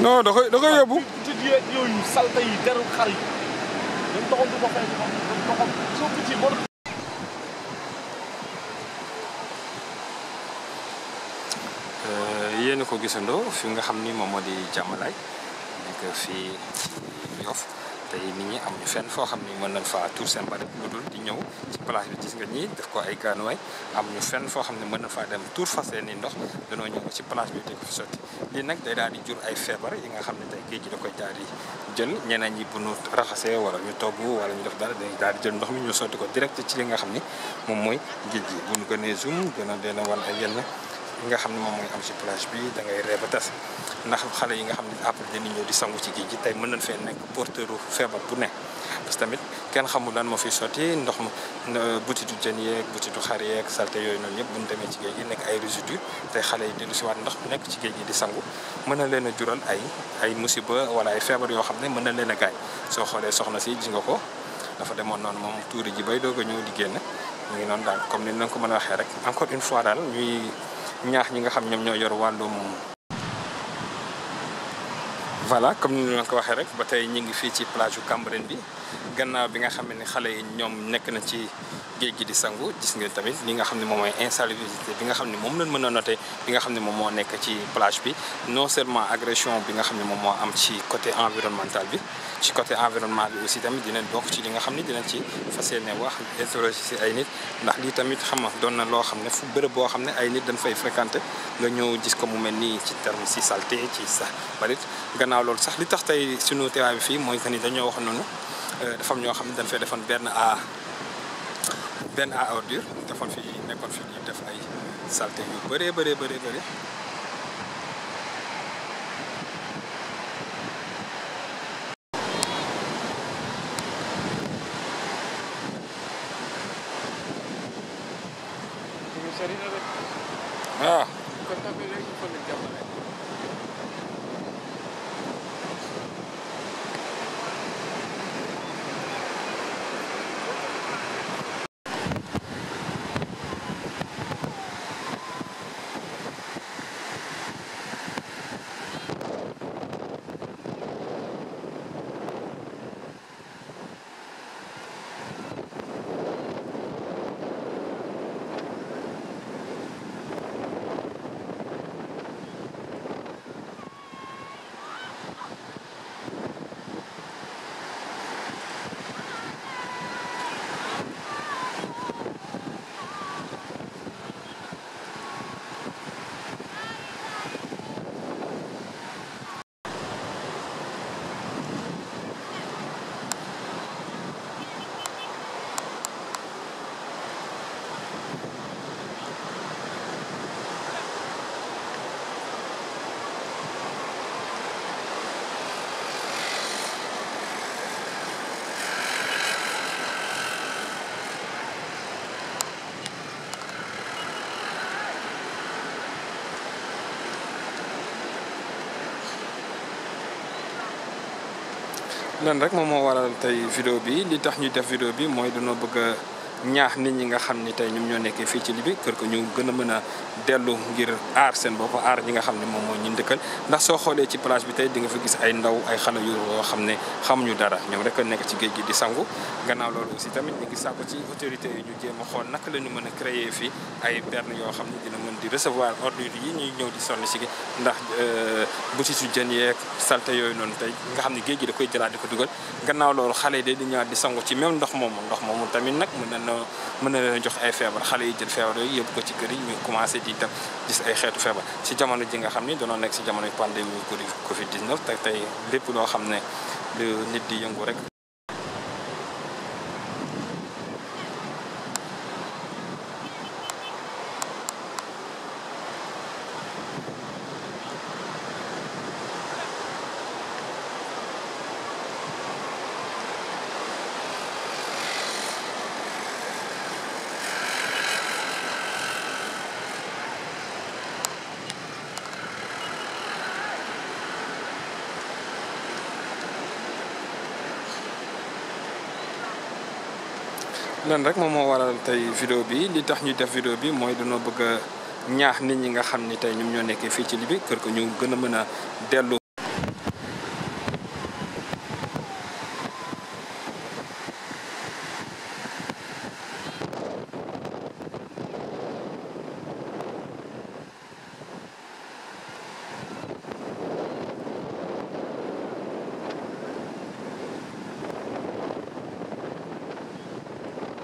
non da koy da yéen a ko gisandoo fi nga xam ni moom moo di jàmmalaay nekk fii ci tey nit ñi am ñu fenn foo xam ne mën nañ faa tour seen baret lu dul di ñëw ci place bi gis nga ñi def ko ay gaanuwaay am ñu fenn foo xam ne mën nañ faa dem tuur fa seen i ndox danoo ñëw ci place bi di ko fi sotti lii nag day daal di jur ay feebar yi nga xam ne tey géej ji da koy daal di jël ñeneen ñi bu ñu raxasee wala ñu togg wala ñu def dara dañuy daal jël ndox mi ñu sotti ko direct ci li nga xam ni moom mooy géej gi bu ñu gënee zoom gën a dee na wan ay yenn nga xam ne moom mooy am ci plage bi da ngay ree ba ndax xale yi nga xam ne après dañuy ñëw di sangu ci géej gi tey mën nañ fee nekk porteuru feebar bu ne parce que tamit kenn xamul lan moo fiy sotti ndox mu butitu jën yeeg butitu xar yeeg salté yooyu noonu yëpp bu ñu demee ci géej gi nekk ay résidu tey xale yi dellu si waat ndox nekk ci géej di sangu mën na jural ay ay musiba wala ay feebar yoo xam ne mën na leen a gaañ soo xoolee soxna si gis nga ko dafa demoon noonu moom tuuri ji bay doog a ñëw di génn ñu ngi noonu daal comme ni ñu ko mën a rek encore une fois daal ñuy ñaax ñi nga xam ñoom ñoo yor wàllum voilà comme ni ma ko waxee rek ba tey ñu ngi fii ci plage u Cambérène bi gannaaw bi nga xam ne xale yi ñoom nekk na ci géej gi di sangu gis ngeen tamit li nga xam ne moom mooy insalubrité bi nga xam ne moom lañ mën a noté bi nga xam ne moom moo nekk ci plage bi non seulement agression bi nga xam ne moom moo am ci côté environnemental bi ci côté environnement bi aussi tamit dinañ bokk ci li nga xam ne dinañ ci fas wax interroger si ay nit ndax lii tamit xam nga doon na loo xam ne fu bërëb boo xam ne ay nit dañ fay fréquenté nga ñëw gis ko mu mel nii ci terme si saleté ci sax barit gannaaw loolu sax li tax tey sunu teewaay bi fii mooy que ni dañoo wax noonu Eh, dafa am ñoo xam ne dañ fee defoon benn à benn à ordure defoon fi nekkoon fi ñu def ay salté yu bëree bëree bëree bëri waaw lan rek moom moo waral tey vidéo bi li tax ñuy def vidéo bi mooy dañoo bëgg ñaax nit ñi nga xam ni tey ñoo nekkee fii ci libi ko ñu gën a mën a ngir aar seen bopp aar ñi nga xam moom moo ndëkkal ndax soo xoolee ci plage bi tey di nga fa gis ay ndaw ay xale yu yoo xam ne xamuñu dara ñoom rek nekk ci géej gi di sangu gannaaw loolu aussi tamit ñu ngi sàkku ci autorité yi ñu jéem a xool naka la ñu a créer fii ay berne yoo xam dina mën di recevoir ordre yi ñuy ñëw di sonn si ndax bu ci su jën yeeg salte yooyu noonu tey nga xam ne gi da koy jëlaat di ko gannaaw loolu xale de di ñëwaat di sangu ci même ndox moomu ndox moomu tamit nag mën mën a mën na jox ay feebar xale yi jël feebar yooyu yëpp ko ci kër yi ñu commencé di dem gis ay xeetu feebar ci jamono ji nga xam ni danoo nekk si jamono pandémie covid 19 te tey lépp loo xam ne lu nit di yëngu rek lan rek moom moo waral tey vidéo bi li tax ñu def vidéo bi mooy dañoo bëgg ñaax nit ñi nga xam ni tey ñoom ñoo nekkee fii ci Libye kër ko ñu gën a mën a dellu